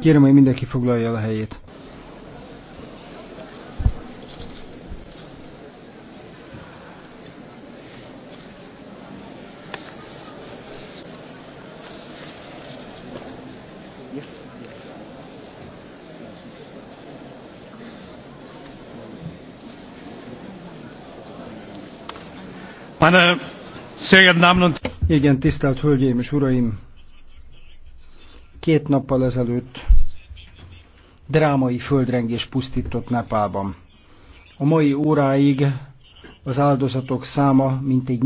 Kérem, hogy mindenki foglalja el a helyét. Igen, tisztelt Hölgyeim és Uraim! Két nappal ezelőtt drámai földrengés pusztított Nepálban. A mai óráig az áldozatok száma mintegy